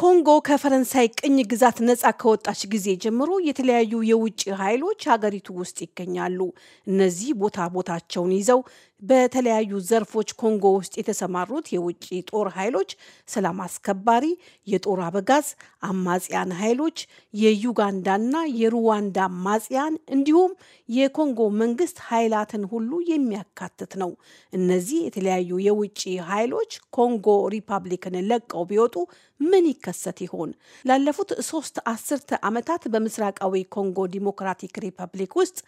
ኮንጎ ከፈረንሳይ ቅኝ ግዛት ነጻ ከወጣች ጊዜ ጀምሮ የተለያዩ የውጭ ኃይሎች ሀገሪቱ ውስጥ ይገኛሉ። እነዚህ ቦታ ቦታቸውን ይዘው በተለያዩ ዘርፎች ኮንጎ ውስጥ የተሰማሩት የውጭ ጦር ኃይሎች ሰላም አስከባሪ፣ የጦር አበጋዝ፣ አማጽያን ኃይሎች፣ የዩጋንዳና የሩዋንዳ አማጽያን እንዲሁም የኮንጎ መንግስት ኃይላትን ሁሉ የሚያካትት ነው። እነዚህ የተለያዩ የውጭ ኃይሎች ኮንጎ ሪፐብሊክን ለቀው ቢወጡ ምን ይከሰት ይሆን? ላለፉት ሶስት አስርተ ዓመታት በምስራቃዊ ኮንጎ ዲሞክራቲክ ሪፐብሊክ ውስጥ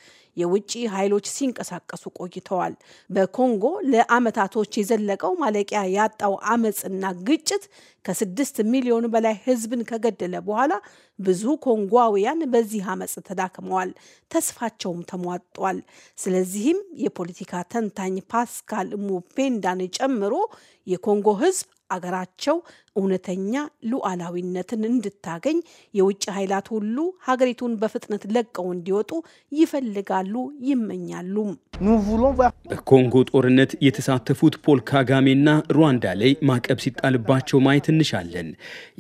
የውጭ ኃይሎች ሲንቀሳቀሱ ቆይተዋል። በኮንጎ ለአመታቶች የዘለቀው ማለቂያ ያጣው አመፅና ግጭት ከስድስት ሚሊዮን በላይ ህዝብን ከገደለ በኋላ ብዙ ኮንጓውያን በዚህ አመፅ ተዳክመዋል፣ ተስፋቸውም ተሟጧል። ስለዚህም የፖለቲካ ተንታኝ ፓስካል ሙፔንዳን ጨምሮ የኮንጎ ህዝብ አገራቸው እውነተኛ ሉዓላዊነትን እንድታገኝ የውጭ ኃይላት ሁሉ ሀገሪቱን በፍጥነት ለቀው እንዲወጡ ይፈልጋሉ፣ ይመኛሉ። በኮንጎ ጦርነት የተሳተፉት ፖል ካጋሜና ሩዋንዳ ላይ ማዕቀብ ሲጣልባቸው ማየት እንሻለን።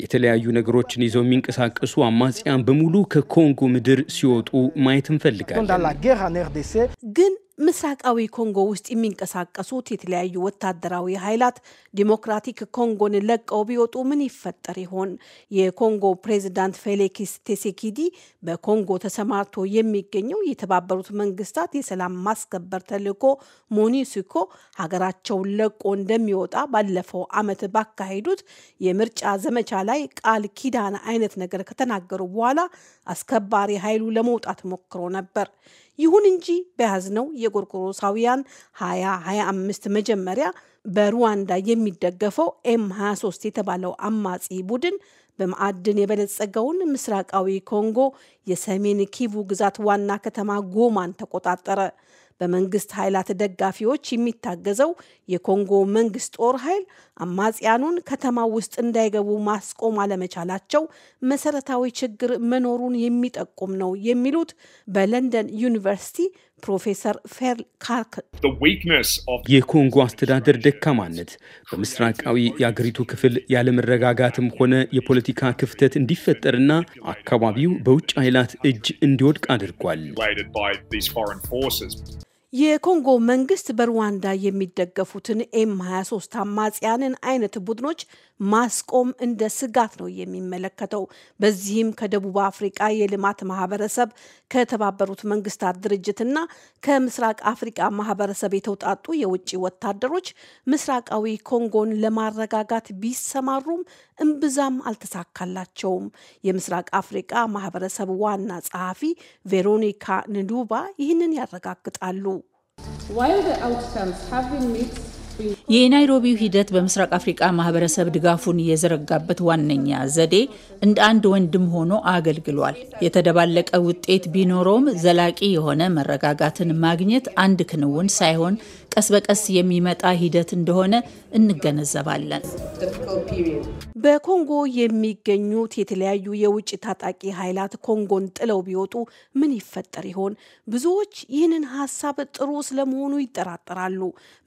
የተለያዩ ነገሮችን ይዘው የሚንቀሳቀሱ አማጽያን በሙሉ ከኮንጎ ምድር ሲወጡ ማየት እንፈልጋለን ግን ምስራቃዊ ኮንጎ ውስጥ የሚንቀሳቀሱት የተለያዩ ወታደራዊ ኃይላት ዲሞክራቲክ ኮንጎን ለቀው ቢወጡ ምን ይፈጠር ይሆን? የኮንጎ ፕሬዚዳንት ፌሊክስ ቴሴኪዲ በኮንጎ ተሰማርቶ የሚገኘው የተባበሩት መንግስታት የሰላም ማስከበር ተልዕኮ ሞኒስኮ ሀገራቸውን ለቆ እንደሚወጣ ባለፈው ዓመት ባካሄዱት የምርጫ ዘመቻ ላይ ቃል ኪዳን አይነት ነገር ከተናገሩ በኋላ አስከባሪ ኃይሉ ለመውጣት ሞክሮ ነበር። ይሁን እንጂ በያዝነው የጎርጎሮሳውያን 2025 መጀመሪያ በሩዋንዳ የሚደገፈው ኤም 23 የተባለው አማጺ ቡድን በማዕድን የበለጸገውን ምስራቃዊ ኮንጎ የሰሜን ኪቩ ግዛት ዋና ከተማ ጎማን ተቆጣጠረ። በመንግስት ኃይላት ደጋፊዎች የሚታገዘው የኮንጎ መንግስት ጦር ኃይል አማጽያኑን ከተማ ውስጥ እንዳይገቡ ማስቆም አለመቻላቸው መሰረታዊ ችግር መኖሩን የሚጠቁም ነው የሚሉት በለንደን ዩኒቨርሲቲ ፕሮፌሰር ፌርል ካርክ የኮንጎ አስተዳደር ደካማነት በምስራቃዊ የአገሪቱ ክፍል ያለመረጋጋትም ሆነ የፖለቲካ ክፍተት እንዲፈጠርና አካባቢው በውጭ ኃይላት እጅ እንዲወድቅ አድርጓል። የኮንጎ መንግስት በሩዋንዳ የሚደገፉትን ኤም 23 አማጽያንን አይነት ቡድኖች ማስቆም እንደ ስጋት ነው የሚመለከተው። በዚህም ከደቡብ አፍሪቃ የልማት ማህበረሰብ ከተባበሩት መንግስታት ድርጅትና ከምስራቅ አፍሪቃ ማህበረሰብ የተውጣጡ የውጭ ወታደሮች ምስራቃዊ ኮንጎን ለማረጋጋት ቢሰማሩም እምብዛም አልተሳካላቸውም። የምስራቅ አፍሪቃ ማህበረሰብ ዋና ጸሐፊ ቬሮኒካ ንዱባ ይህንን ያረጋግጣሉ። የናይሮቢው ሂደት በምስራቅ አፍሪቃ ማህበረሰብ ድጋፉን የዘረጋበት ዋነኛ ዘዴ እንደ አንድ ወንድም ሆኖ አገልግሏል። የተደባለቀ ውጤት ቢኖረውም ዘላቂ የሆነ መረጋጋትን ማግኘት አንድ ክንውን ሳይሆን ቀስ በቀስ የሚመጣ ሂደት እንደሆነ እንገነዘባለን። በኮንጎ የሚገኙት የተለያዩ የውጭ ታጣቂ ኃይላት ኮንጎን ጥለው ቢወጡ ምን ይፈጠር ይሆን? ብዙዎች ይህንን ሀሳብ ጥሩ ስለመሆኑ ይጠራጠራሉ።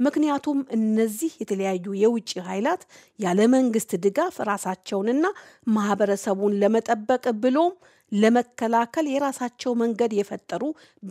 ምክንያቱም እነዚህ የተለያዩ የውጭ ኃይላት ያለ መንግስት ድጋፍ ራሳቸውንና ማህበረሰቡን ለመጠበቅ ብሎም ለመከላከል የራሳቸው መንገድ የፈጠሩ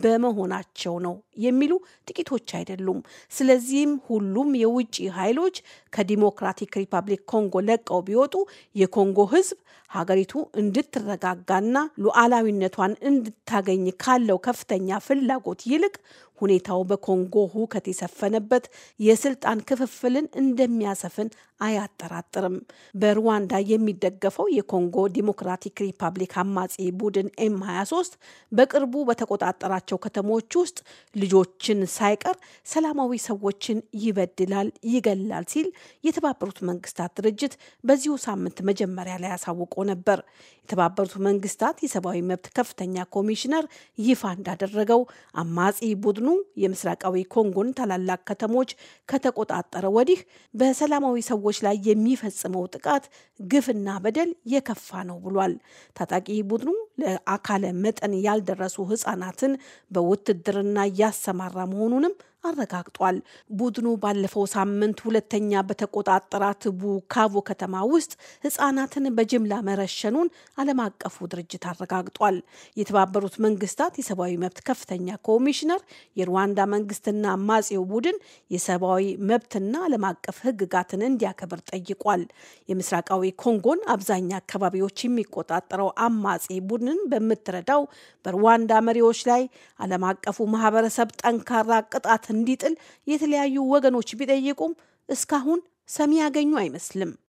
በመሆናቸው ነው የሚሉ ጥቂቶች አይደሉም። ስለዚህም ሁሉም የውጭ ኃይሎች ከዲሞክራቲክ ሪፐብሊክ ኮንጎ ለቀው ቢወጡ የኮንጎ ሕዝብ ሀገሪቱ እንድትረጋጋና ሉዓላዊነቷን እንድታገኝ ካለው ከፍተኛ ፍላጎት ይልቅ ሁኔታው በኮንጎ ሁከት የሰፈነበት የስልጣን ክፍፍልን እንደሚያሰፍን አያጠራጥርም። በሩዋንዳ የሚደገፈው የኮንጎ ዲሞክራቲክ ሪፐብሊክ አማጺ ቡድን ኤም 23 በቅርቡ በተቆጣጠራቸው ከተሞች ውስጥ ልጆችን ሳይቀር ሰላማዊ ሰዎችን ይበድላል፣ ይገላል ሲል የተባበሩት መንግስታት ድርጅት በዚሁ ሳምንት መጀመሪያ ላይ አሳውቆ ነበር። የተባበሩት መንግስታት የሰብአዊ መብት ከፍተኛ ኮሚሽነር ይፋ እንዳደረገው አማጺ ቡድኑ የምስራቃዊ ኮንጎን ታላላቅ ከተሞች ከተቆጣጠረ ወዲህ በሰላማዊ ሰዎች ሰዎች ላይ የሚፈጽመው ጥቃት ግፍና በደል የከፋ ነው ብሏል። ታጣቂ ቡድኑ ለአካለ መጠን ያልደረሱ ህጻናትን በውትድርና እያሰማራ መሆኑንም አረጋግጧል። ቡድኑ ባለፈው ሳምንት ሁለተኛ በተቆጣጠራት ቡካቮ ከተማ ውስጥ ህጻናትን በጅምላ መረሸኑን ዓለም አቀፉ ድርጅት አረጋግጧል። የተባበሩት መንግስታት የሰብአዊ መብት ከፍተኛ ኮሚሽነር የሩዋንዳ መንግስትና አማጺው ቡድን የሰብአዊ መብትና ዓለም አቀፍ ህግጋትን እንዲያከብር ጠይቋል። የምስራቃዊ ኮንጎን አብዛኛ አካባቢዎች የሚቆጣጠረው አማጺ ቡድንን በምትረዳው በሩዋንዳ መሪዎች ላይ ዓለም አቀፉ ማህበረሰብ ጠንካራ ቅጣት እንዲጥል የተለያዩ ወገኖች ቢጠይቁም እስካሁን ሰሚ ያገኙ አይመስልም።